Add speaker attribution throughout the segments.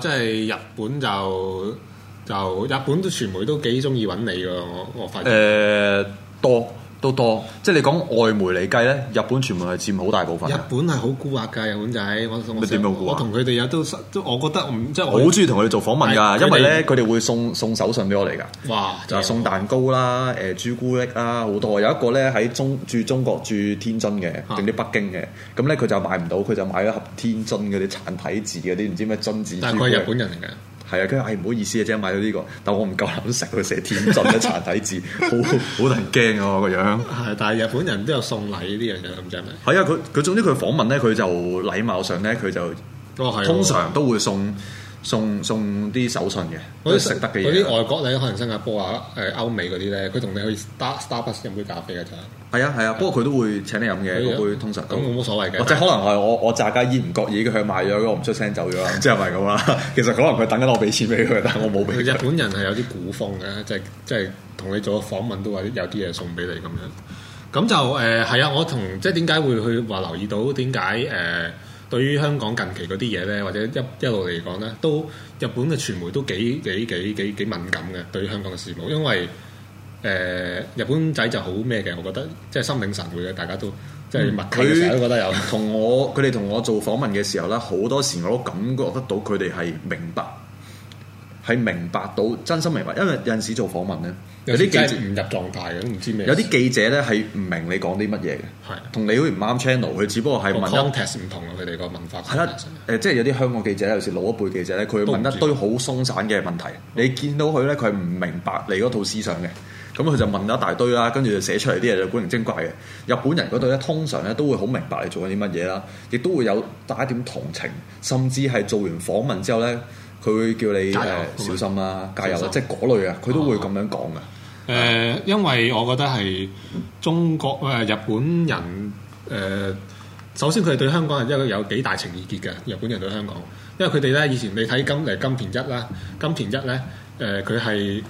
Speaker 1: 即係日本就就日本啲傳媒都幾中意揾你㗎。我我發覺。
Speaker 2: 誒、呃、多。都多，多，即係你講外媒嚟計咧，日本全部係佔好大部分。日
Speaker 1: 本係好孤核㗎，日本仔。我我我同佢哋有都都，我覺得唔即係我好中意同佢哋做訪問㗎，因為咧
Speaker 2: 佢哋會送送手信俾我嚟㗎。哇！就係送蛋糕啦，誒、呃、朱古力啦，好多。有一個咧喺中住中國住天津嘅，定啲北京嘅，咁咧佢就買唔到，佢就買咗盒天津嗰啲產體字嗰啲唔知咩榛子朱古力。但佢係日本人嚟㗎。係啊，跟住哎，唔好意思啊，即係買咗呢、呢個，但我唔夠膽食佢寫天字一殘體字，好好得人驚啊個樣。係， 但係日本人都有送禮呢樣嘢。咁即係啊，佢佢總之佢訪問咧，佢就禮貌上咧，佢就、
Speaker 1: 哦、通常
Speaker 2: 都會送送送啲手信嘅，嗰啲食得嘅嘢。啲外
Speaker 1: 國咧，可能新加坡啊，誒歐美嗰啲咧，佢同你可以 Star Starbucks 飲杯咖啡嘅就。係啊，係啊，啊不過佢都會請
Speaker 2: 你飲嘢，啊、通常都會通實，咁冇
Speaker 1: 冇所謂嘅。即係可
Speaker 2: 能係我 我揸架煙唔覺意佢賣咗，我唔出聲走
Speaker 1: 咗啦，即係咪咁啊？其
Speaker 2: 實可能佢等緊我俾錢俾佢，但係我冇
Speaker 1: 俾。日本人係有啲古風嘅，即係即係同你做訪問都話有啲嘢送俾你咁樣。咁就誒係啊，我同即係點解會去話留意到點解誒對於香港近期嗰啲嘢咧，或者一一路嚟講咧，都日本嘅傳媒都幾幾幾幾幾敏感嘅對於香港嘅事務，因為，因為誒日本仔就好咩嘅，我覺得即係心領神會嘅，大家都即係默契嘅時候都覺得有。
Speaker 2: 同我佢哋同我做訪問嘅時候咧，好多時我都感覺得到佢哋係明白，係明白到真心明白。因為有陣時做訪問咧，有啲記者唔入狀態嘅，唔知咩。有啲記者咧係唔明你講啲乜嘢嘅，係同的你好似唔啱 channel。佢只不過係問，context 唔
Speaker 1: 同佢哋個文化係啦
Speaker 2: 的。誒、嗯，即係有啲香港記者有時老一輩記者咧，佢問一堆好鬆散嘅問題，你見到佢咧，佢唔明白你嗰套思想嘅。咁佢、嗯、就問咗一大堆啦，跟住就寫出嚟啲嘢就古靈精怪嘅。日本人嗰度咧，通常咧都會好明白你做緊啲乜嘢啦，亦都會有帶一點同情，甚至係做完訪問之後咧，佢會叫你誒油、呃、小心啦、啊，加油啦，心即係嗰類啊，佢都會咁樣講嘅。誒、嗯嗯呃，
Speaker 1: 因為我覺得係中國誒、呃、日本人誒、呃，首先佢哋對香港係一個有幾大情意結嘅日本人對香港，因為佢哋咧以前你睇金誒金田一啦，金田一咧誒佢係。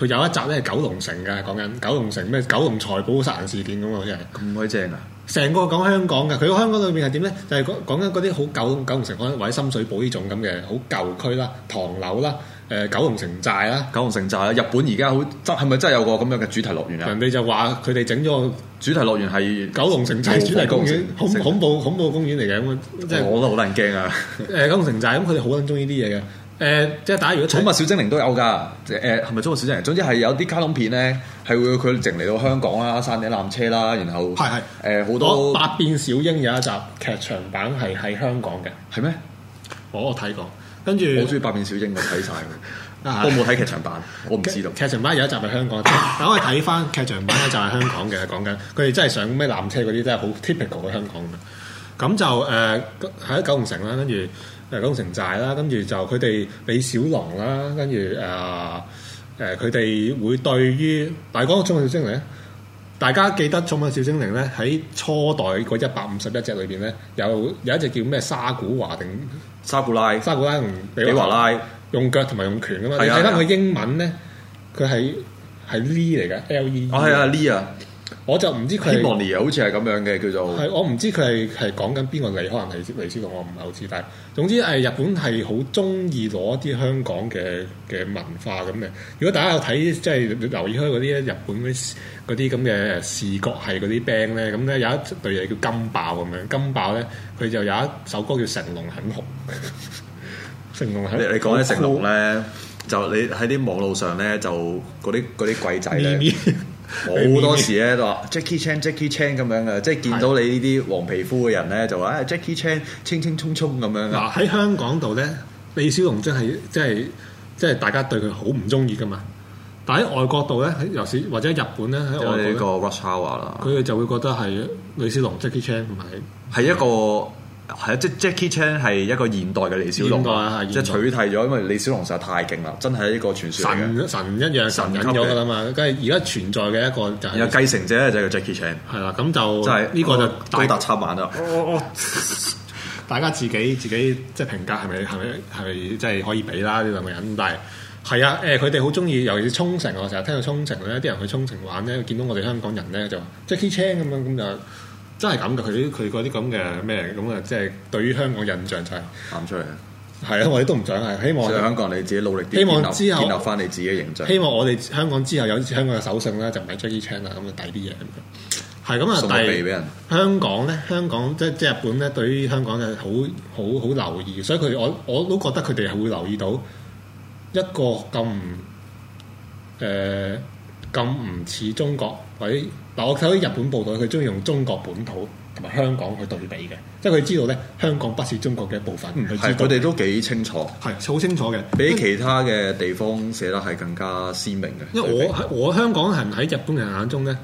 Speaker 1: 佢有一集咧係九龍城㗎，講緊九龍城咩九龍財寶殺人事件咁喎，真係咁鬼正啊！成個講香港㗎，佢香港裏邊係點咧？就係講講緊嗰啲好九九龍城，或者深水埗呢種咁嘅好舊區啦、唐樓啦、誒九龍城寨啦、九龍城寨啦。日本而家好真係咪真係有個咁樣嘅主題樂園啊？人哋就話佢哋整咗個主題樂園係九
Speaker 2: 龍城寨主題公園，恐怖恐怖公園嚟嘅咁啊！即係我都好撚驚啊！誒九龍城寨咁，佢哋好撚中意啲嘢嘅。誒、呃、即係大家如果寵物小精靈都有㗎，誒係咪寵物小精靈？總之係有啲卡通片咧，係會佢淨嚟到香港啦，山頂纜車啦，然後係係誒
Speaker 1: 好多。百變小櫻有一集劇場版係喺香港嘅，係咩嗎、哦？我我睇過，跟住我中意百變小櫻， 啊、我睇曬㗎。
Speaker 2: 我冇睇劇場
Speaker 1: 版，我唔知道劇，劇場版有一集係香港，但係 我睇翻劇場版咧就係香港嘅，講緊佢哋真係上咩纜車嗰啲真係好 typical 嘅香港咁就誒喺、呃、九龍城啦，跟住、呃、九龍城寨啦，跟住就佢哋李小龍啦，跟住誒誒佢哋會對於大家講個寵物小精靈，大家記得寵物小精靈咧喺初代嗰一百五十一隻裏邊咧，有有一隻叫咩沙古華定沙古拉，沙古拉同比華拉用腳同埋用拳噶嘛？啊、你記得佢英文咧，佢係係 Lee 嚟嘅 L E，我係啊 Lee 啊。我就唔知佢，伊萬尼啊，好似係咁樣嘅叫做。係我唔知佢係係講緊邊個嚟，可能嚟嚟自韓國，唔係好知。但係總之誒，日本係好中意攞啲香港嘅嘅文化咁嘅。如果大家有睇，即係留意開嗰啲日本啲啲咁嘅視覺系嗰啲 band 咧，咁咧有一隊嘢叫金爆咁樣。金爆咧，佢就有一首歌叫《成龍很紅》
Speaker 2: 成龍你，你你講起成龍咧、哦，就你喺啲網路上咧，就嗰啲啲鬼仔咧。 好多時咧都話 Jackie Chan、Jackie Chan 咁樣嘅，即係見到你呢啲黃皮膚嘅人咧，就話 Jackie Chan 輕輕鬆鬆咁樣。嗱，喺香港
Speaker 1: 度咧，李小龍真係即係即係大家對佢好唔中意噶嘛。但喺外國度咧，喺尤其是或者日本咧，喺外國個 Rush Hour 啦，佢哋就會覺得係李小龍 Jackie Chan 唔係
Speaker 2: 係一個。係啊，即係 Jackie Chan 係一個現代嘅李小龍，即係取締咗，因為李小龍實在太勁啦，真係一個傳說神
Speaker 1: 神一樣神咁咗㗎啦嘛。梗
Speaker 2: 係而家存在嘅一個就係有繼承者就叫 Jackie Chan 係啦。咁就呢是、這個、個就高達插板啦。
Speaker 1: 我大家自己自己即係評價係咪係咪係咪即係可以比啦呢兩個人？但係，係啊，誒，佢哋好中意，尤其是沖繩，我成日聽到沖繩咧，啲人去沖繩玩咧，見到我哋香港人咧就話 Jackie Chan 咁樣咁就。真係咁嘅，佢啲佢嗰啲咁嘅咩咁啊，即係對於香港印象就係講出嚟啊，係啊，我哋都唔想，係希望香港你自己努力啲，希望之後建立翻你自己形象。希望我哋香港之後有一次香港嘅手信咧，annel, 就唔係 Jackie Chan 啦，咁就抵啲嘢咁。係咁啊，送禮俾人香呢。香港咧，香港即即日本咧，對於香港嘅好好好留意，所以佢我我都覺得佢哋係會留意到一個咁誒。呃咁唔似中國喎？嗱，我睇啲日本報道，佢中意用中國本土同埋香港去對比嘅，即係佢知道咧香港不是中國嘅一部分。係，佢哋、嗯、都
Speaker 2: 幾清楚，係好清楚嘅，比其他嘅地方寫得係更加鮮明嘅。因為我
Speaker 1: 我香港人喺日本人眼中咧。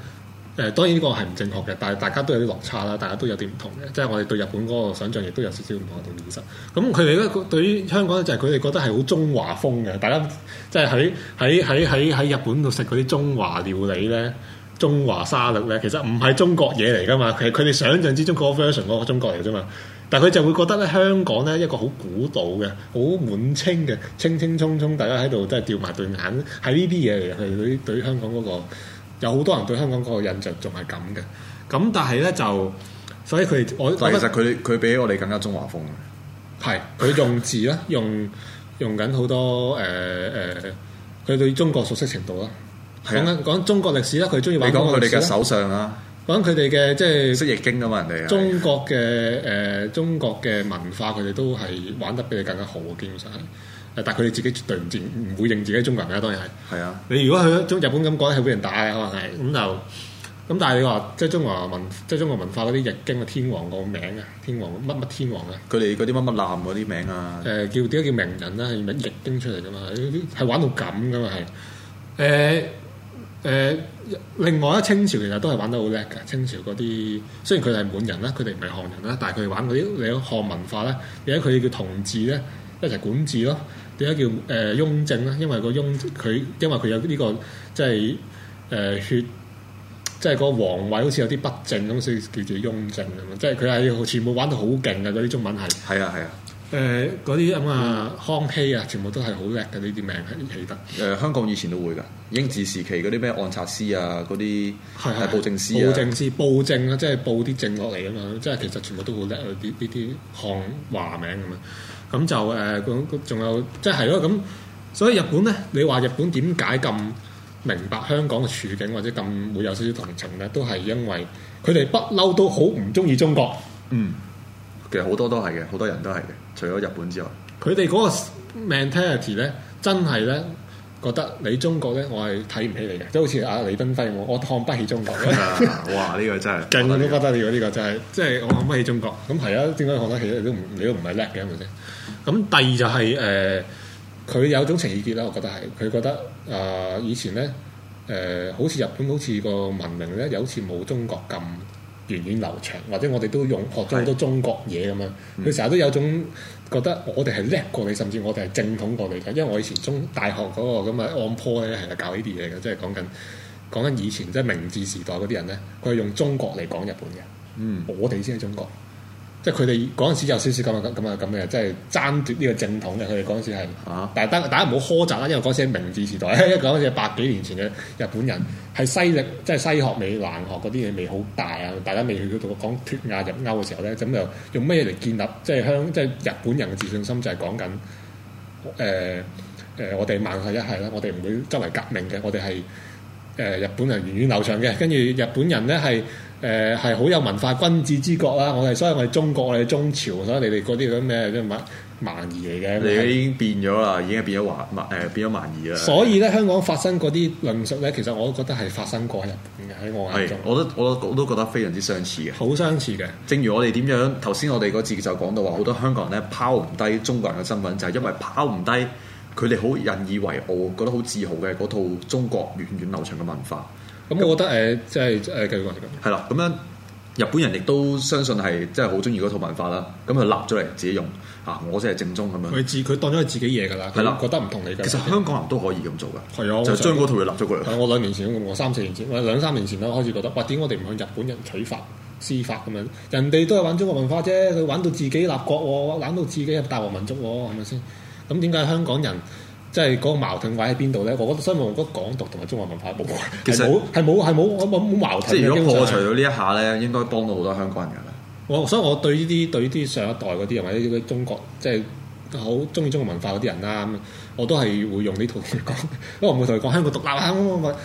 Speaker 1: 誒當然呢個係唔正確嘅，但係大家都有啲落差啦，大家都有啲唔同嘅，即係我哋對日本嗰個想像亦都有少少唔同同現實。咁佢哋咧，對於香港咧就係佢哋覺得係好中華風嘅，大家即係喺喺喺喺喺日本度食嗰啲中華料理咧、中華沙律咧，其實唔係中國嘢嚟噶嘛，其實佢哋想像之中嗰個 version 嗰個中國嚟啫嘛。但係佢就會覺得咧，香港咧一個好古道嘅、好滿清嘅、輕輕鬆鬆，大家喺度都係掉埋對眼，係呢啲嘢嚟嘅。佢哋對於香港嗰、嗰個。有好多人對香港嗰個印象仲係咁嘅，咁但係咧就，所以佢我但係其實佢佢比我哋更加中華風嘅，係佢用字啦，用用緊好多誒誒，佢、呃呃、對中國熟悉程度啦，講緊講中國歷史啦，佢中意玩佢哋嘅手上、啊。啦，玩佢哋嘅即係《四書經啊》啊嘛，人哋中國嘅誒、啊呃、中國嘅文化，佢哋都係玩得比你更加好嘅，基本上係。但係佢哋自己絕對唔唔會認自己係中國人嘅，當然係。係啊，你如果去中日本咁講，係俾人打嘅可能係咁就咁。但係你話即係中國文即係中國文化嗰啲日經嘅天皇個名啊，天皇乜乜天皇啊？佢哋嗰啲乜乜男嗰啲名啊？誒叫點解叫名人咧？係日日經出嚟噶嘛？係玩到咁噶嘛？係誒誒，另外呢，清朝其實都係玩得好叻嘅。清朝嗰啲雖然佢係滿人啦，佢哋唔係漢人啦，但係佢哋玩嗰啲你漢文化咧，而且佢哋叫同治咧，一齊管治咯。點解叫誒、呃、雍正咧？因為個雍佢，因為佢有呢、這個即係誒、呃、血，即係個皇位好似有啲不正咁，所以叫做雍正啊嘛。即係佢係全部玩到好勁嘅嗰啲中文係。係啊係啊，誒嗰啲咁啊、呃嗯、康熙啊，全部都係好叻嘅呢啲名係起得。誒、呃、香港以前都會噶，英治時期嗰啲咩按察司啊，嗰啲係布政司啊。布政司布政啊，即係布啲政落嚟㗎嘛。即係其實全部都好叻啲呢啲漢話名咁啊。咁就誒，仲有，即係咯咁。所以日本咧，你話日本點解咁明白香港嘅處境，或者咁會有少少同情咧？都係因為佢哋不嬲都好唔中意中國。嗯，其實好多都係嘅，好多人都係嘅，除咗日本之外，佢哋嗰個 mentality 咧，真係咧。覺得你中國咧，我係睇唔起你嘅，即係好似阿李斌輝，我我看不起中國。啊、哇！呢、這個真係勁都不得了，呢 個真係，即、就、係、是、我看不起中國。咁係啊，點解看得起你都唔你都唔係叻嘅，係咪先？咁第二就係、是、誒，佢、呃、有種情義結啦，我覺得係，佢覺得啊、呃，以前咧誒、呃，好似日本好似個文明咧，有次冇中國咁。源遠流長，或者我哋都用學咗好多中國嘢咁樣，佢成日都有種覺得我哋係叻過你，甚至我哋係正統過你嘅，因為我以前中大學嗰個咁嘅按坡咧係搞呢啲嘢嘅，即係講緊講緊以前即係明治時代嗰啲人咧，佢係用中國嚟講日本嘅，嗯，我哋先係中國。即係佢哋嗰陣時有少少咁啊咁咁啊咁嘅，即係爭奪呢個正統嘅。佢哋嗰陣時係，但係得大家唔好苛責啦，因為嗰陣時係明治時代，一講起百幾年前嘅日本人係西力，即係西學美硬學嗰啲嘢未好大啊！大家未去到度講脫亞入歐嘅時候咧，咁就用咩嚟建立？即係香，即係日本人嘅自信心就係講緊誒誒，我哋萬世一系啦，我哋唔會周圍革命嘅，我哋係誒日本人源遠流長嘅。跟住日本人咧係。誒係好有文化君子之國啦！我哋所以我哋中國，我哋中朝，所以你哋嗰啲咁咩即係蠻蠻夷嚟嘅。你已經
Speaker 2: 變咗啦，已經變咗華誒、呃、變咗蠻夷啦。所以
Speaker 1: 咧，香港發生嗰啲論述咧，其實我都覺得係發生過喺日本嘅喺
Speaker 2: 我眼中。我都我都我都覺得非常之相似嘅。好相似嘅。正如我哋點樣頭先，我哋嗰次就講到話，好多香港人咧拋唔低中國人嘅身份，就係、是、因為拋唔低佢哋好引以為傲、覺得好自豪嘅嗰套中國源遠，遠流長嘅文化。咁、嗯、我覺得誒，即係誒繼續講就咁。係啦、嗯，咁樣日本人亦都相信係即係好中意嗰套文化啦。咁佢立咗嚟自己用啊，我先係正宗咁樣。佢
Speaker 1: 自佢當咗係自己嘢㗎啦。係啦，覺得唔同你嘅。其實香港人都可以咁做
Speaker 2: 㗎。係啊、嗯，就將嗰套嘢立咗
Speaker 1: 過嚟。係、嗯我，嗯、我兩年前，我三四年前，兩三年前都開始覺得，喂點我哋唔向日本人取法、師法咁樣？人哋都係玩中國文化啫，佢玩到自己立國喎、啊，玩到自己入大和民族喎、啊，係咪先？咁點解香港人？即係嗰個矛盾位喺邊度咧？我覺得所以我覺得港獨同埋中國文化冇，其實係冇係冇冇冇矛盾。如果我除咗
Speaker 2: 呢一下咧，應該幫到好多
Speaker 1: 香港人啦。我所以，我對呢啲對呢啲上一代嗰啲人或者中國即係好中意中國文化嗰啲人啦，我都係會用呢套嘢講，都唔會同佢講香港獨立啦、啊。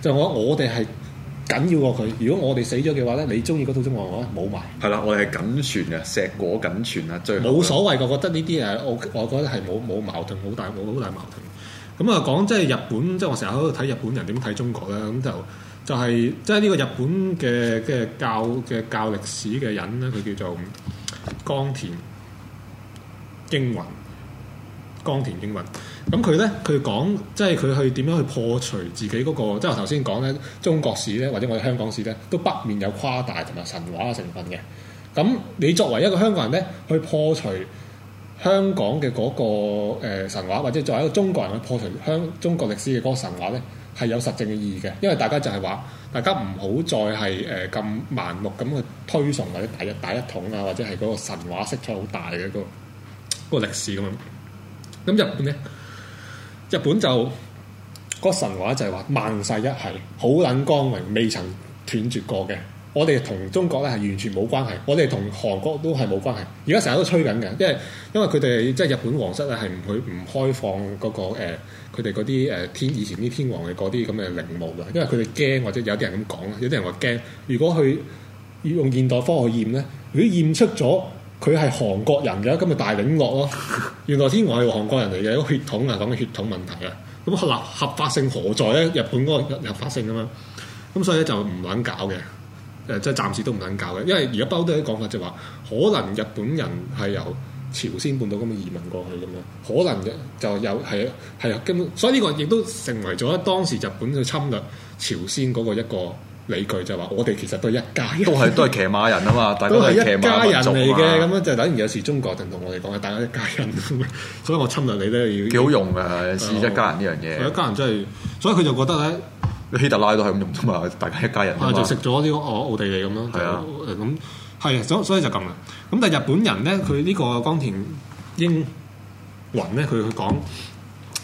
Speaker 1: 就我我哋係。緊要過佢。如果我哋死咗嘅話咧，你中意嗰套中華冇啊？冇埋。
Speaker 2: 係啦，我哋係僅存嘅，碩果僅存啊，最。冇所
Speaker 1: 謂，我覺得呢啲誒，我我覺得係冇冇矛盾，冇大冇好大矛盾。咁、嗯、啊，講即係日本，即係我成日喺度睇日本人點睇中國咧。咁、嗯、就係、就係即係呢個日本嘅即教嘅教歷史嘅人咧，佢叫做江田京雲。岡田英文咁佢咧，佢講即係佢去點樣去破除自己嗰個，即係我頭先講咧，中國史咧或者我哋香港史咧都不免有誇大同埋神話嘅成分嘅。咁你作為一個香港人咧，去破除香港嘅嗰個、呃、神話，或者作為一個中國人去破除香中國歷史嘅嗰個神話咧，係有實證嘅意義嘅。因為大家就係話，大家唔好再係誒咁盲目咁去推崇或者大一大一統啊，或者係嗰個神話色彩好大嘅一個嗰個歷史咁樣。咁日本咧，日本就、個神話就係話萬世一系，好撚光榮，未曾斷絕過嘅。我哋同中國咧係完全冇關係，我哋同韓國都係冇關係。而家成日都吹緊嘅，因為因為佢哋即係日本皇室咧係唔會唔開放嗰、個佢哋嗰啲誒天以前啲天皇嘅嗰啲咁嘅陵墓嘅，因為佢哋驚或者有啲人咁講，有啲人話驚。如果去用現代科學驗咧，如果驗出咗。佢係韓國人嘅，咁咪大鼎落咯。原來天皇係韓國人嚟嘅，一個血統嚟講嘅血統問題啊。咁合立合法性何在咧？日本嗰個合法性咁樣。咁所以咧就唔撚搞嘅，誒即係暫時都唔撚搞嘅。因為而家包都有啲講法、就是，就話可能日本人係由朝鮮半島咁移民過去咁樣，可能就就有係啊係啊根本。所以呢個亦都成為咗當時日本去侵略朝鮮嗰個一個。俾佢就話：我哋其實都係一家人都，都係都係騎馬人
Speaker 2: 啊嘛！大家都係一家人嚟嘅，咁
Speaker 1: 樣就等於有時中國人同我哋講嘅「大家一家人」，所以我侵略你都要幾好用啊！試一家人呢樣嘢，一家人真係，所以佢就覺得
Speaker 2: 咧，
Speaker 1: 希特拉都係咁用啫嘛！大家一家人，啊，就食咗啲我奧地利咁咯，係啊，咁係啊，所所以就咁啦。咁但係日本人咧，佢呢個岡田英弘咧，佢佢講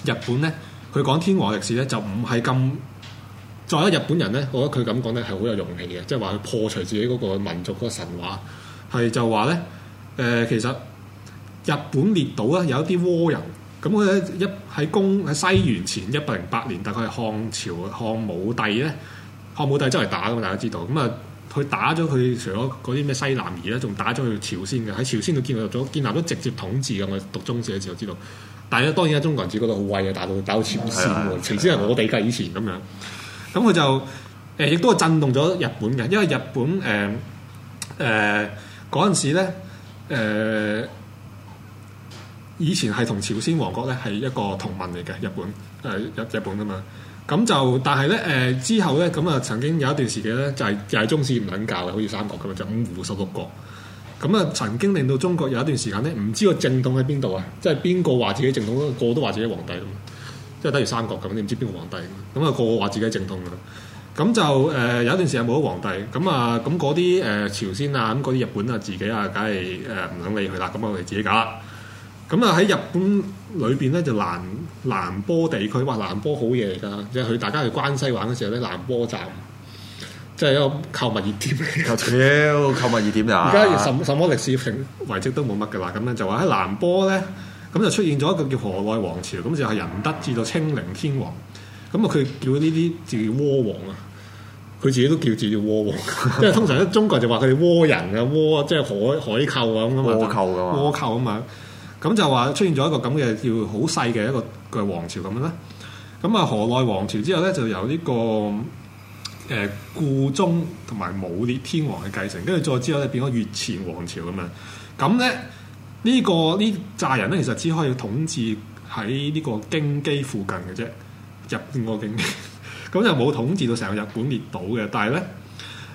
Speaker 1: 日本咧，佢講天皇歷史咧，就唔係咁。再有日本人咧，我覺得佢咁講咧係好有勇氣嘅，即係話佢破除自己嗰個民族嗰個神話，係就話咧，誒、呃、其實日本列島咧有一啲倭人，咁佢咧一喺公喺西元前一百零八年，大概係漢朝漢武帝咧，漢武帝周圍打咁，大家知道，咁啊佢打咗佢，除咗嗰啲咩西南夷咧，仲打咗佢朝鮮嘅，喺朝鮮度建立咗建立咗直接統治嘅，我讀中史嘅時候知道。但係咧當然啊，中國人自覺得好威啊，打到打到朝鮮，朝鮮係、嗯啊啊啊、我哋㗎，以前咁樣。咁佢就誒、呃、亦都係震動咗日本嘅，因為日本誒誒嗰陣時咧誒、呃、以前係同朝鮮王國咧係一個同盟嚟嘅日本誒、呃、日日本啊嘛，咁就但係咧誒之後咧咁啊曾經有一段時期咧就係就係中史唔肯教嘅，好似三國咁啊，就、五胡十六國咁啊，就曾經令到中國有一段時間咧唔知個正統喺邊度啊，即係邊個話自己正統，個個都話自己皇帝咁。即係等於三國咁，你唔知邊個皇帝咁啊？個個話自己正統嘅，咁就誒、呃、有一段時間冇咗皇帝咁啊！咁嗰啲誒朝鮮啊，咁嗰啲日本啊，自己啊，梗係誒唔肯理佢啦。咁我哋自己搞啦。咁啊喺日本裏邊咧就南南波地區，哇南波好嘢嚟㗎！即係佢大家去關西玩嘅時候咧，南波站即係、就是、一個購物熱點。屌， 購物熱點呀！而家什什麼歷史性遺跡都冇乜㗎啦。咁咧就話喺南波咧。咁就出現咗一個叫河內王朝，咁就係仁德至到清寧天皇。咁啊佢叫呢啲就叫倭王啊，佢自己都叫自叫「倭王」， 即係通常咧中國就話佢哋倭人啊，倭即係海海寇咁啊嘛，倭寇噶嘛，倭寇咁樣，咁就話出現咗一個咁嘅叫好細嘅一個個王朝咁樣啦。咁啊河內王朝之後咧，就由呢個誒故宗同埋武烈天皇去繼承，跟住再之後咧變咗越前王朝咁樣，咁咧。這個、呢個呢炸人咧，其實只可以統治喺呢個京畿附近嘅啫，日本個京畿，咁 就冇統治到成個日本列島嘅。但係咧，誒、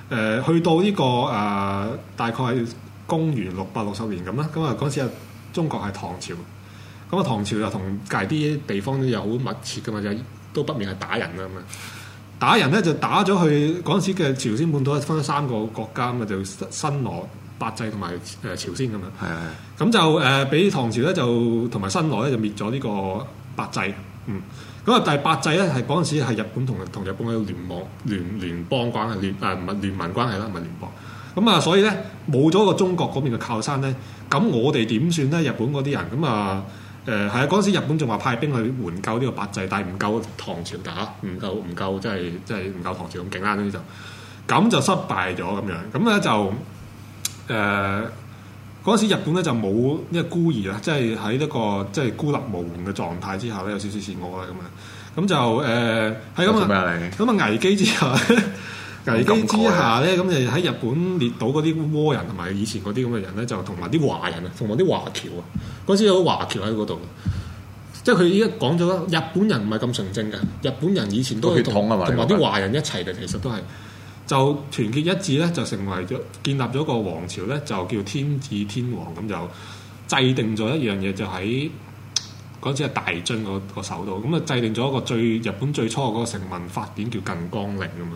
Speaker 1: 呃、去到呢、這個誒、呃、大概係公元六百六十年咁啦，咁啊嗰陣時啊，中國係唐朝，咁啊唐朝又同隔啲地方又好密切㗎嘛，就都不免係打人啊嘛，打人咧就打咗去嗰陣時嘅朝鮮半島分三個國家咁啊，就新羅。八制同埋誒朝鮮咁啊，咁就誒俾唐朝咧就同埋新羅咧就滅咗呢個百濟。嗯，咁啊，第百濟咧係嗰陣時係日本同同日本嘅聯網聯聯邦關係聯誒聯盟關係啦，唔係聯邦。咁、嗯、啊，所以咧冇咗個中國嗰邊嘅靠山咧，咁我哋點算咧？日本嗰啲人咁啊誒係啊嗰陣時日本仲話派兵去援救呢個百濟，但係唔夠唐朝打，唔夠唔夠，即係即係唔夠唐朝咁勁啦，嗰啲就咁就失敗咗咁樣，咁咧就。誒嗰陣時日本咧就冇因為孤兒啊，即係喺一個即係、即係、孤立無援嘅狀態之下咧，有少少自我啊咁樣，咁就誒喺咁啊咁啊危機之下， 危機之下咧，咁就喺日本列島嗰啲倭人同埋以前嗰啲咁嘅人咧，就同埋啲華人啊，同埋啲華僑啊，嗰陣時有華僑喺嗰度，即係佢依家講咗日本人唔係咁純正嘅，日本人以前都同同埋啲華人一齊嘅， 其實都係。就團結一致咧，就成為咗建立咗個王朝咧，就叫天子天皇。咁就制定咗一樣嘢，就喺嗰陣時大津個個手度，咁啊制定咗一個最日本最初嗰個成文法典叫《近江令》咁樣，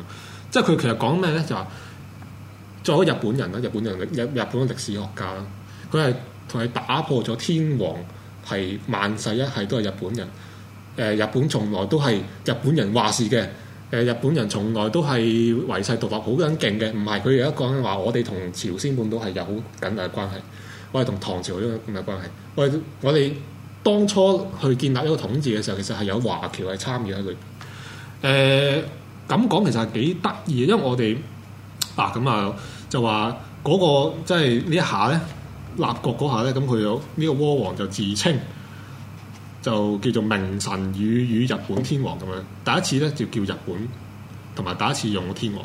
Speaker 1: 即係佢其實講咩咧？就話作為日本人啦，日本人日日本嘅歷，歷史學家佢係同係打破咗天皇係萬世一系都係日本人，誒日本從來都係日本人話事嘅。日本人從來都係唯世獨立，好緊勁嘅，唔係佢有一個人話，我哋同朝鮮半島係有好緊密嘅關係，我哋同唐朝有緊密關係，我哋當初去建立一個統治嘅時候，其實係有華僑係參與喺裏邊。誒咁講其實係幾得意，因為我哋啊咁啊就話嗰個即係呢一下咧立國嗰下咧，咁佢有呢個倭王就自稱。就叫做明神與與日本天皇咁樣，第一次咧就叫日本，同埋第一次用咗天皇，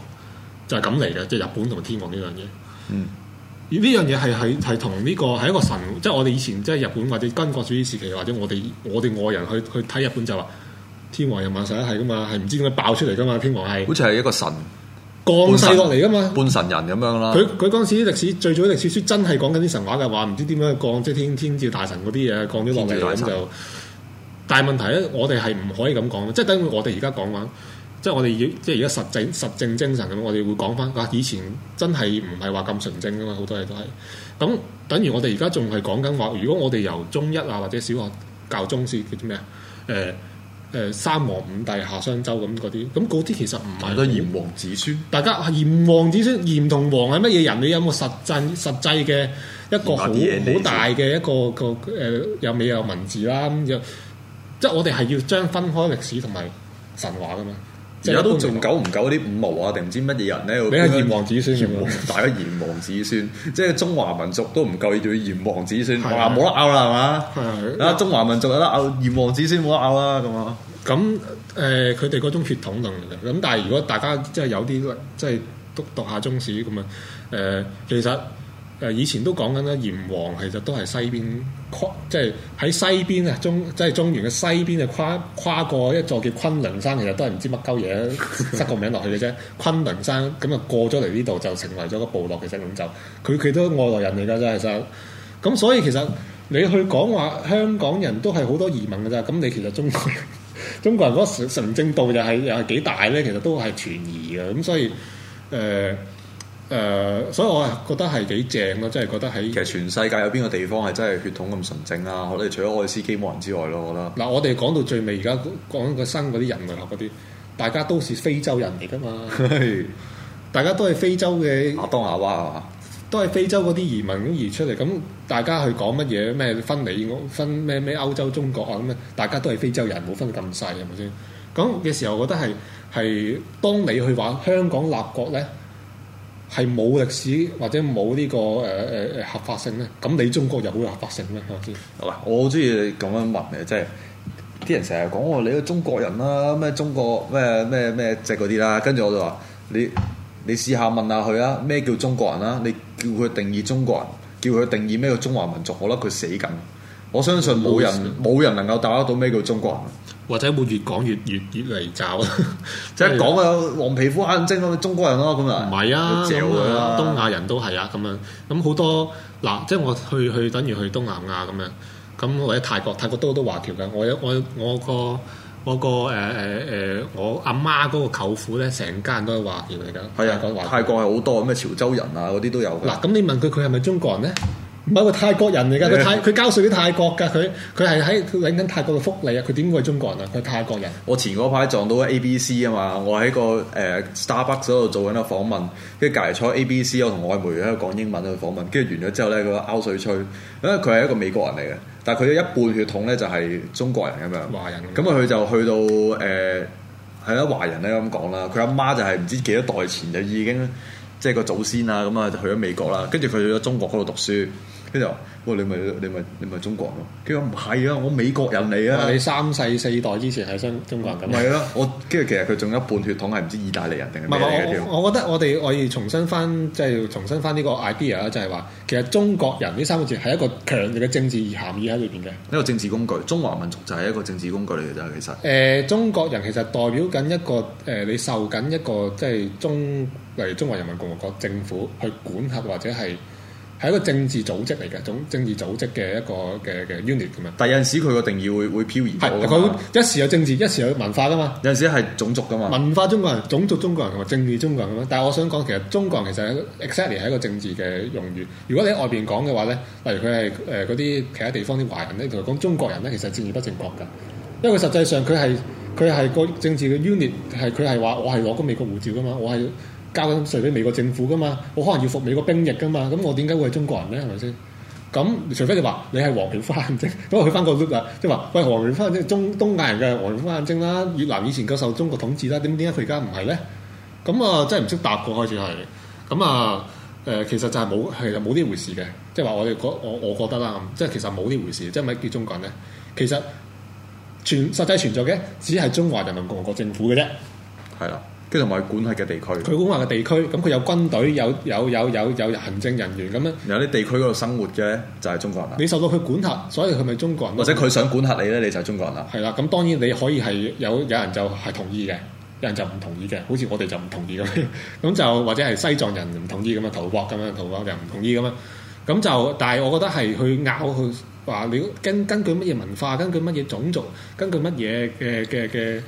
Speaker 1: 就係咁嚟嘅，即係日本同埋天皇呢樣嘢。嗯，呢樣嘢係係係同呢個係一個神，即係我哋以前即係日本或者軍國主義時期或者我哋我哋外人去去睇日本就話天皇又萬世一系噶嘛，係唔知點樣爆出嚟噶嘛，天皇係，好似係一個神
Speaker 2: 降世落嚟噶
Speaker 1: 嘛，半神，半神人咁樣啦。佢佢嗰陣時歷史最早啲歷史書真係講緊啲神話嘅話，唔知點樣降即係天天，天照大神嗰啲嘢降咗落嚟咁就。但係問題咧，我哋係唔可以咁講，即係等於我哋而家講嘅話，即係我哋即係而家實證實證精神咁，我哋會講翻，啊以前真係唔係話咁純正嘅嘛，好多嘢都係。咁等於我哋而家仲係講緊話，如果我哋由中一啊或者小學教中史叫啲咩啊？誒、呃、誒三皇五帝夏商周咁嗰啲，咁嗰啲其實唔係都炎黃子孫。大家炎黃子孫，炎同黃係乜嘢人？你有冇實證實證嘅一個好好大嘅一個一個誒又未有文字啦咁即係我哋係要將分開歷史同埋神話噶嘛，而家都仲
Speaker 2: 久唔久啲五毛啊，定唔知乜嘢人咧，俾啲炎黃子孫，大家炎黃子孫，子孫即係中華民族都唔夠要炎黃子孫，冇是的 得拗啦係嘛，啊中華民
Speaker 1: 族有得拗炎黃子孫冇得拗啦咁啊，咁誒佢哋嗰種血統能力。咁但係如果大家即係有啲即係讀讀下中史咁啊，誒、呃、其實。以前都講緊啦，炎黃其實都係西邊即係喺西邊啊，中即係中原嘅西邊嘅跨跨過一座叫昆崙山，其實都係唔知乜鳩嘢，塞個名落去嘅啫。昆崙 山咁啊過咗嚟呢度就成為咗個部落，其實咁就，佢佢都外來人嚟噶，真係想。咁所以其實你去講話香港人都係好多移民㗎咋。咁你其實中國人中國人嗰神神聖度、就是、又係又係幾大咧？其實都係存疑嘅，咁所以誒。呃誒、呃，所以我係覺得係
Speaker 2: 幾正咯，真、就、係、是、覺得喺其實全世界有邊個地方係真係血統咁純正啊？我哋除咗愛斯基摩人
Speaker 1: 之外咯，我覺得嗱，我哋講到最尾而家講個新嗰啲人類學，嗰啲大家都是非洲人嚟噶嘛。 大、啊大，大家都係非洲嘅阿多牙哇，都係非洲嗰啲移民咁移出嚟，咁大家去講乜嘢咩分離分咩咩歐洲中國啊咁啊？大家都係非洲人，冇分咁細係咪先？咁嘅時候，我覺得係係當你去話香港立國咧。係冇歷史或者冇呢個誒誒誒合法性咧，咁你中國有冇合法性咧？我知。
Speaker 2: 好啦，我好中意你咁樣問嘅，即係啲人成日講話你個中國人啦，咩中國咩咩咩即係嗰啲啦，跟住我就話你你試下問下佢啊，咩叫中國人啦？你叫佢定義中國人，叫佢定義咩叫中華民族，好啦，佢死緊。我相信冇人冇人能夠打得到咩叫中國人。或者會越講越越
Speaker 1: 越嚟罩，即 係講啊 黃皮膚眼睛咁，中國人咯咁啊。唔係啊，東亞人都係啊咁樣。咁好多嗱，即係我去去等於去東南亞咁樣。咁或者泰國泰國都好多華僑噶。我我我個我個誒誒誒，我阿媽嗰個舅父咧，成家人都係華僑嚟噶。係啊，講華泰國係好多咩潮州人啊，嗰啲都有。嗱，咁你問佢佢係咪中國人咧？唔係個泰國人嚟噶，佢泰佢交稅俾泰國噶，佢佢係喺領緊泰國嘅福利啊！佢點會係中國人啊？佢泰國人。
Speaker 2: 我前嗰排撞到 A B C 啊嘛，我喺個誒、呃、Starbucks 嗰度做緊個訪問，跟住隔離坐 A B C，我同外媒喺度講英文喺度訪問，跟住完咗之後咧，佢勾水吹，因為佢係一個美國人嚟嘅，但係佢一半血統咧就係、是、中國人咁樣。華人咁啊，佢就去到誒係啦，呃、華人咧咁講啦，佢阿媽就係唔知幾多代前就已經即係、就是、個祖先啊咁啊，就去咗美國啦，跟住佢去咗中國嗰度讀書。跟住話，你咪你咪你咪中國咯？佢話唔係啊，我美國人嚟啊、哦！你三
Speaker 1: 世四代之前係新中國人咁。唔係、嗯啊、
Speaker 2: 我跟住其實佢仲有一半血統係唔知意大利人定係咩我我，
Speaker 1: 我覺得我哋我要重新翻，即、就、係、是、重新翻呢個 idea 啦，就係話其實中國人呢三個字係一個強烈嘅政治含義喺裏邊嘅。呢個政治工具，
Speaker 2: 中華民族就係一個政治工具嚟嘅啫。其實。誒、
Speaker 1: 呃，中國人其實代表緊一個誒、呃，你受緊一個即係中，例如中華人民共和國政府去管轄或者係。係一個政治組織嚟嘅，種政治組織嘅一個嘅嘅 unit 㗎嘛。但係有陣時佢個定義會會漂移咗。係佢一時有政治，一時有文化㗎嘛。有陣時係種族㗎嘛。文化中國人、種族中國人同埋政治中國人咁樣。但係我想講，其實中國人其實係 exactly 係一個政治嘅用語。如果你喺外邊講嘅話咧，例如佢係誒嗰啲其他地方啲華人咧，同佢講中國人咧，其實政治不正確㗎。因為實際上佢係佢係個政治嘅 unit，係佢係話我係攞個美國護照㗎嘛，我係。交緊稅俾美國政府噶嘛，我可能要服美國兵役噶嘛？咁我點解會係中國人咧？係咪先？咁除非你話你係黃曉花眼睛，因 我佢翻個 look 啊，即係話喂黃曉花即係中東亞人嘅黃曉花眼睛啦，越南以前夠受中國統治啦，點點解佢而家唔係咧？咁啊真係唔識答過開始係咁啊誒，其實就係冇，係就冇呢回事嘅，即係話我哋嗰我我覺得啦，即係其實冇呢回事，即係咪叫中國人咧？其實存實際存在嘅只係中華人民共和國政府嘅啫，係啦。跟住同埋管轄嘅地區，佢管轄嘅地區，咁佢有軍隊，有有有有有行政人員
Speaker 2: 咁樣。有啲地區嗰度生活嘅就係中國人啦。你受到佢管轄，所以佢咪中國人。或者佢想管轄
Speaker 1: 你咧，你就係中國人啦。係啦，咁當然你可以係有有人就係同意嘅，有人就唔同意嘅。好似我哋就唔同意咁，咁 就或者係西藏人唔同意咁啊，圖博咁啊，圖博就唔同意咁啊。咁就，但係我覺得係去拗去話，你根根據乜嘢文化，根據乜嘢種族，根據乜嘢嘅嘅嘅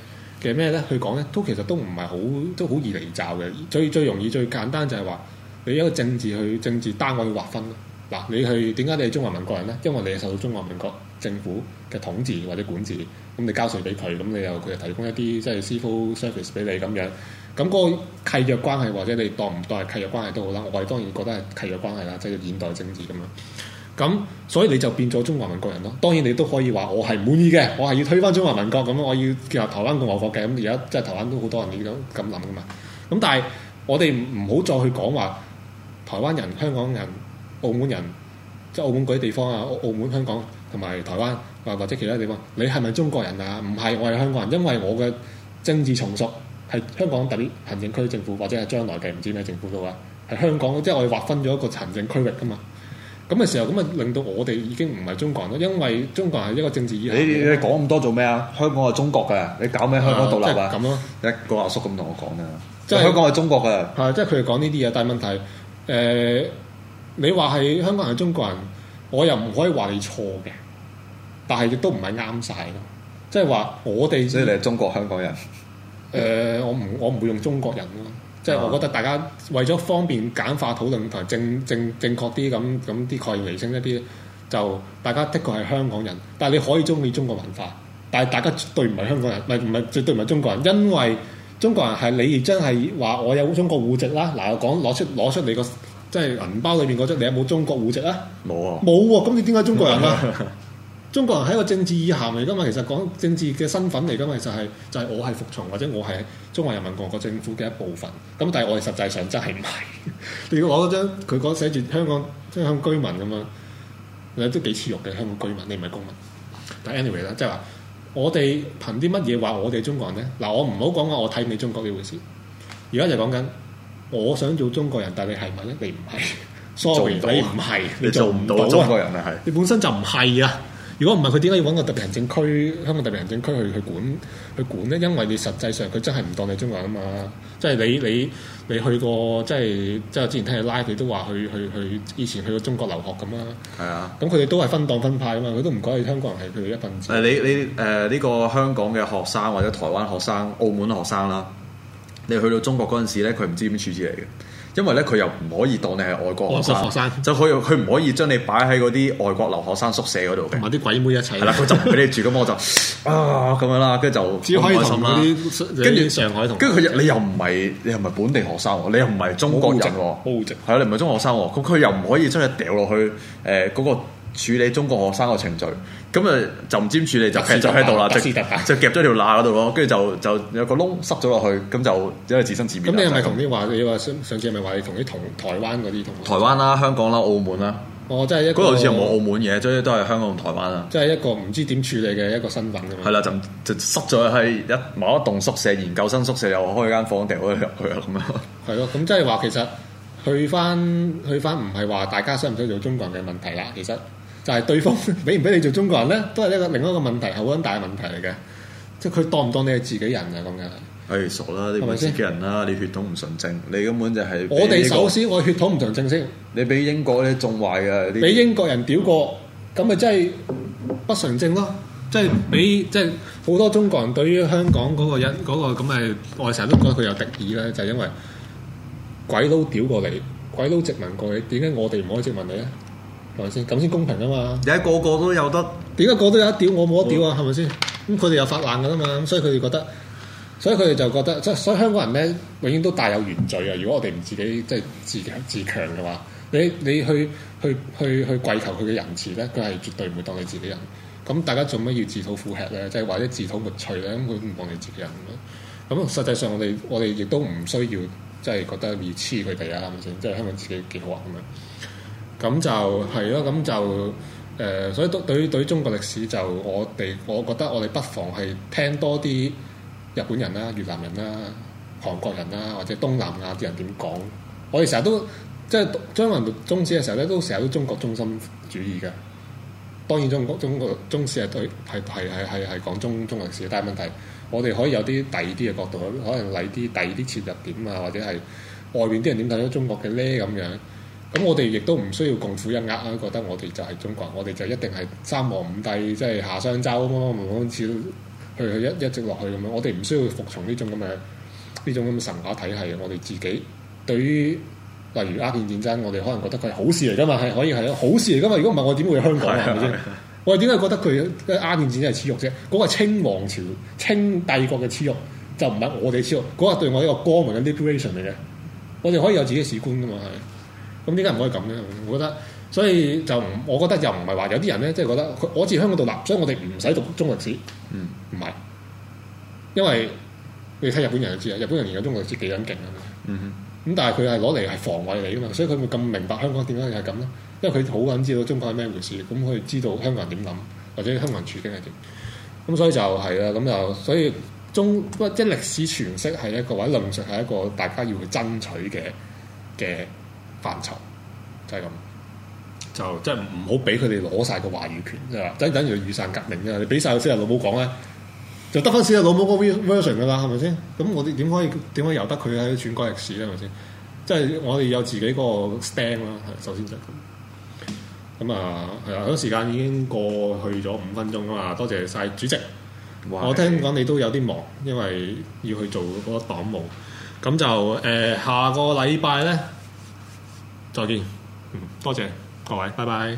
Speaker 1: 嘅咩咧？去講咧，都其實都唔係好，都好易嚟罩嘅。最最容易、最簡單就係話你一個政治去政治單位劃分嗱，你去點解你係中華民國人咧？因為你係受到中華民國政府嘅統治或者管治，咁你交稅俾佢，咁你又佢又提供一啲即係 Civil Service 俾你咁樣。咁個契約關係或者你當唔當係契約關係都好啦。我哋當然覺得係契約關係啦，即係現代政治咁樣。咁所以你就變咗中華民國人咯。當然你都可以話我係唔滿意嘅，我係要推翻中華民國咁樣，我要建立台灣共和國嘅。咁而家即係台灣都好多人咁咁諗噶嘛。咁但係我哋唔好再去講話台灣人、香港人、澳門人，即係澳門嗰啲地方啊、澳門、香港同埋台灣啊或者其他地方，你係咪中國人啊？唔係，我係香港人，因為我嘅政治從屬係香港特別行政區政府或者係將來嘅唔知咩政府嘅話，係香港即係、就是、我哋劃分咗一個行政區域噶嘛。咁嘅時候，咁啊令到我哋已經唔係中國人咯，因為中國人係一個政治意。你你講咁多做咩啊？香港係中國嘅，你搞咩香港獨立啊？咁、就、咯、是啊，一個阿叔咁同我講啦。即係、就是、香港係中國嘅。係、啊，即係佢哋講呢啲嘢，但係問題，誒、呃，你話係香港人係中國人，我又唔可以話你錯嘅，但係亦都唔係啱晒。咯、就是。即係話我哋。所以你係中國香港人。誒、呃，我唔我唔會用中國人咯。即係我覺得大家為咗方便簡化討論同埋正正正確啲，咁咁啲概念釐清一啲，就大家的確係香港人，但係你可以中意中國文化，但係大家絕對唔係香港人，唔係唔係絕對唔係中國人，因為中國人係你真係話我有中國戶籍啦，嗱，我講攞出攞出你個即係銀包裏面嗰張，你有冇中國戶籍啊？冇啊！冇喎，咁你點解中國人啊？ 中國人係一個政治意涵嚟㗎嘛，其實講政治嘅身份嚟㗎嘛，其實係就係、是、我係服從或者我係中華人民共和國政府嘅一部分。咁但係我哋實際上真係唔係。 你如果攞嗰張佢講寫住香港即係香港居民咁樣，你都幾恥辱嘅香港居民，你唔係公民。但 anyway 啦，即係話我哋憑啲乜嘢話我哋中國人咧？嗱，我唔好講話我睇你中國呢回事。而家就講緊我想做中國人，但係你係咪？咧？你唔係，所以 你唔係是，你做唔到，做到中國人啊，你本身就唔係啊。如果唔係佢點解要揾個特別行政區，香港特別行政區去去管去管咧？因為你實際上佢真係唔當你中國人啊嘛。即係你你你去過即係即係之前聽你拉佢都話去去去以前去過中國留學咁啦。係啊，咁佢哋都係分黨分派啊嘛，佢都唔覺得香港人係佢哋一份
Speaker 2: 子。你你誒呢、呃呢個香港嘅學生或者台灣學生、澳門學生啦，你去到中國嗰陣時咧，佢唔知點處置嚟嘅。因為咧，佢又唔可以當你係外國學生，學生就佢佢唔可以將你擺喺嗰啲外國留學生宿舍嗰度同埋啲鬼妹一齊。係啦，佢就唔俾你住咁， 我就啊咁樣啦，跟住就只要可以同嗰啲跟住上海同。跟住佢，你又唔係你又唔係本地學生喎，你又唔係中國人喎，好直係你唔係中學生喎，咁佢又唔可以將你掉落去誒嗰、呃嗰個。處理中國學生個程序，咁啊就唔知處理就劈咗喺度啦，就就夾咗條罅嗰度咯，跟住就就有個窿塞咗落去，咁就因為自生自滅。咁你係咪同啲話？你話上次係咪話你同啲同台灣嗰啲同？台灣啦，香港啦，澳門啦。
Speaker 1: 哦，即係嗰度好似冇澳
Speaker 2: 門嘢，即係都係香港同台灣啊。即係一個唔、啊、知點處理嘅一個身份咁樣。係啦，就就塞咗喺一某一棟宿舍研究生宿舍又開間房
Speaker 1: 掉咗入去啊。咁 樣。係咯，咁即係話其實去翻去翻唔係話大家想唔想做中國人嘅問題啦、啊，其實。就係對方俾唔俾你做中國人咧，都係一個另外一個問題，好撚大嘅問題嚟嘅。即係佢當唔當你係自己人啊？咁嘅係
Speaker 2: 傻啦！你唔係自己人啦、啊，是是你血統唔純正，你根本就係、這個、我哋首先，我血統唔純正先。你俾英國
Speaker 1: 咧仲壞嘅，俾英國人屌過，咁咪真係不純正咯？即係俾即係好多中國人對於香港嗰個一嗰、嗰個咁嘅成日都覺得佢有敵意啦，就係、是、因為鬼佬屌過你，鬼佬殖民過你，點解我哋唔可以殖民你咧？係咪先？咁先公平啊嘛！而家個個都有得，點解個個都有一屌，我冇得屌啊？係咪先？咁佢哋又發爛噶啦嘛，咁所以佢哋覺得，所以佢哋就覺得，即係所以香港人咧，永遠都大有原罪啊！如果我哋唔自己即係自，自強自強嘅話，你你去去去去跪求佢嘅仁慈咧，佢係絕對唔會當你自己人。咁大家做乜要自討苦吃咧？即係或者自討沒趣咧？咁佢唔當你自己人。咁實際上我哋我哋亦都唔需要即係覺得而黐佢哋啊？係咪先？即係香港自己幾好啊咁樣。咁就係咯，咁就誒、呃，所以都對於對於中國歷史就我哋，我覺得我哋不妨係聽多啲日本人啦、越南人啦、韓國人啦，或者東南亞啲人點講。我哋成日都即係張雲讀中史嘅時候咧，都成日都中國中心主義嘅。當然中國中國中史係對係係係係講中中國歷史，但係問題我哋可以有啲第二啲嘅角度，可能曬啲第二啲切入點啊，或者係外面啲人點睇到中國嘅咧咁樣。咁我哋亦都唔需要共苦一厄啊！覺得我哋就係中國，我哋就一定係三皇五帝即係夏商周咁咯，好似去去一一直落去咁樣。我哋唔需要服從呢種咁嘅呢種咁嘅神話體系。我哋自己對於例如鴉片戰爭，我哋可能覺得佢係好事嚟噶嘛，係可以係好事嚟噶嘛。如果唔係，我點會香港係咪先？ 我哋點解覺得佢鴉片戰爭係恥辱啫？嗰、嗰個清王朝、清帝國嘅恥辱就唔係我哋恥辱，嗰、嗰個對我一個光明嘅 liberation 嚟嘅。我哋可以有自己嘅史觀噶嘛？係。咁點解唔可以咁咧？我覺得，所以就唔，我覺得又唔係話有啲人咧，即係覺得我自香港獨立，所以我哋唔使讀中歷史。嗯，唔係，因為你睇日本人就知啦，日本人研究中國歷史幾咁勁啊嘛。嗯哼，咁但係佢係攞嚟係防衞你㗎嘛，所以佢會咁明白香港點解係咁咧，因為佢好撚知道中國係咩回事，咁佢知道香港人點諗或者香港人處境係點。咁所以就係啦，咁就。所以中即係歷史詮釋，係一個位論述，係一個大家要去爭取嘅嘅。範疇就係咁，就即係唔好俾佢哋攞晒個話語權，即係等等住雨傘革命啫。你俾晒個先人老母講咧，就得翻先人老母嗰 version 㗎啦，係咪先？咁我哋點可以點可以由得佢喺度篡改歷史咧？係咪先？即係我哋有自己個 stand 啦，首先就咁。咁啊，係啦，時間已經過去咗五分鐘啊嘛，多謝晒主席。哇我聽講你都有啲忙，因為要去做嗰個黨務。咁就誒、呃，下個禮拜咧。再見，嗯，多謝各位，拜拜。